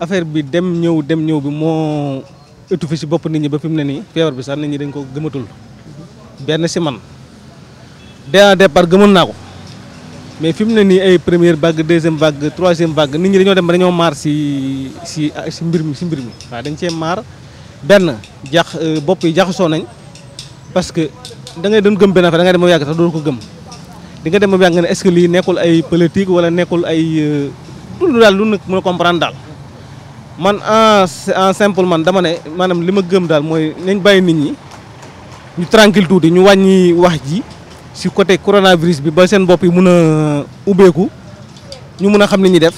affaire bi dem ñew dem ñew bi etu fi ci bop nit ñi ba fim ne ni fièvre bi sax nit ñi dañ ko gëmatul ben ci man dès départ gëmul nako mais fim ne ni ay première vague deuxième vague troisième vague nit ñi dañu dem dañu mar ci si si si mbir mi si mbir mi wa dañ ci mar ben jax euh, bop yi jaxasoo nañ parce que da ngay doon gëm ben affaire da ngay dem ba sax do ko gëm di nga dem ba nga ne est ce que li nekul ay politique wala nekul ay tout euh, dal lu nag mën comprendre dal man en ah, ah, simple man dama ne manam lima gëm dal moy nañ bay nit ñi ñu tranquille di ñu wañi wax ji ci côté coronavirus bi ba seen bop yi mëna ubéku ñu mëna xam ni ñi def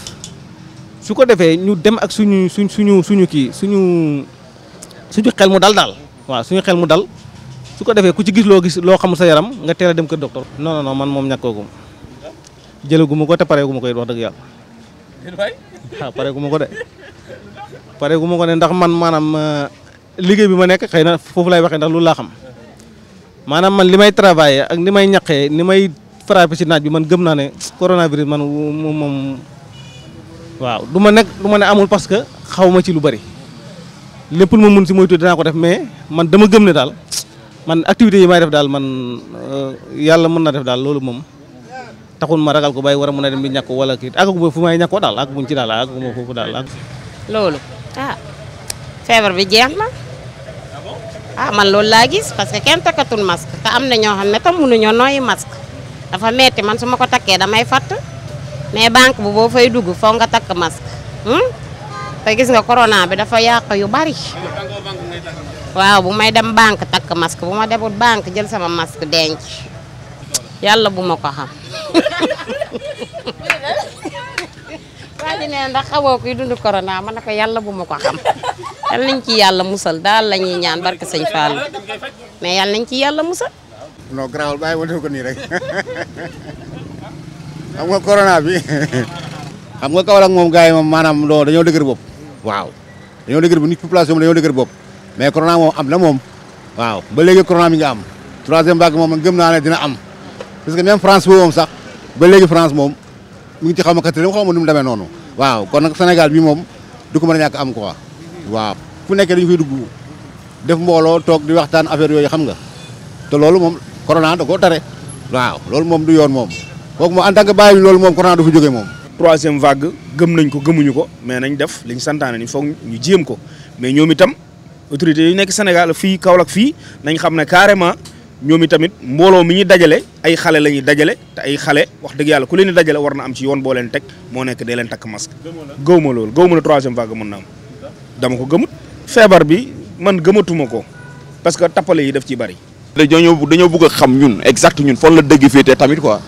su ko défé ñu dem ak suñu suñu suñu suñu ki suñu suñu xel mu dal dal wa suñu xel mu dal su ko défé ku ci gis lo gis lo xam sa yaram nga téla dem ke docteur non non non man mom ñakogum jëlaguma ko té paré guma koy wax deug yalla waaw ah, pare gu ma ko de pare gu ma ko de ndax man maanaam euh, liggéey bi ma nekk xëy na foofu lay waxee ndax lu laa xam maanaam man li may travailler ak ni may ñaqee ni may frappé si naaj bi man gëm naa ne coronavirus man moom waaw du ma nekk du ma ne amul parce que xaw ma ci lu bari lépp lu ma mun si moytu dinaa ko def mais man dama gëm ne daal man activité yi may def daal man euh, yàlla mën na def daal loolu moom. Takun ma ragal ko bay wara mo mën dem di ñàkk wala kii agaguma fu may ñàkkoo daal agaguma ci ak mo fofu dal ak lolu ah fever bi jeex na ah man lolu la gis parce que kene takkatul masque ta amna ño xamne xam mënu ño noy masque dafa metti man suma ko takke damay fat mais bank bu bo fay dugg fo nga tak masque tay gis nga corona bi dafa yaq yu bari waaw bu may dem bank tak masque bu ma debut bank jël sama masque denc Yalla bu mako xam waa ji nee ndax xamoo kuy dund corona ma ne ko yàlla bu ma ko xam yal nañ ci yàlla musal daal la ñuy ñaan barke sëñ Fallou mais yal nañ ci yàlla musal. non garaawul bàyyi wala ko nii rek xam nga corona bi xam nga Kaolack moom gars yi maanaam loo dañoo dëgër bopp waaw dañoo dëgër bu nit population bi dañoo dëgër bopp mais corona moom am na moom waaw ba léegi corona mi am troisième vague moom man gëm naa dina am parce que même France boobu moom sax. ba léegi France moom mu ngi ci xaw ma quatrième xaw ma nu mu demee noonu waaw kon nag Sénégal bi moom du ko mën a ñàkk am quoi waaw fu nekkee dañu koy dugg def mbooloo toog di waxtaan affaire yooyu xam nga te loolu moom corona da koo tare waaw loolu moom du yoon moom kooku moom en tant que bàyyi loolu moom corona du fi jógee moom troisième vague gëm nañ ko gëmuñu ko mais nañ def liñ santaane ni foog ñu jéem ko mais ñoom itam autorité yu nekk Sénégal fii Kaolack fii nañ xam ne carrément ñoom i tamit mbooloo mi ñu dajale ay xale la ñuy dajale te ay xale wax dëgg yàlla ku leen di dajale war na am ci yoon boo leen teg moo nekk dee leen takk masque gëw ma loolu gëw ma la troisième vague mën na am dama bi man gëmatuma ko parce que tappale yi daf ci bari dañoo dañoo bëgg xam ñun exact ñun fan la dëgg féetee tamit quoi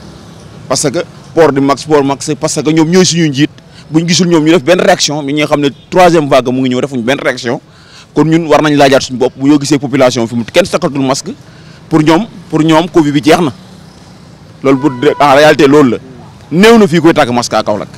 parce que port du max port max parce que suñu njiit buñ gisul ñoom ñu benn réaction mi nga xam ne troisième vague mu ngi ñëw defuñ benn réaction kon ñun war nañ laajaat suñu bopp bu ñoo gisee population fi mu kenn takkatul masque pour ñoom pour ñoom Covid bi jeex na loolu bu en réalité loolu la néew na fii koy tàkk masque à Kaolack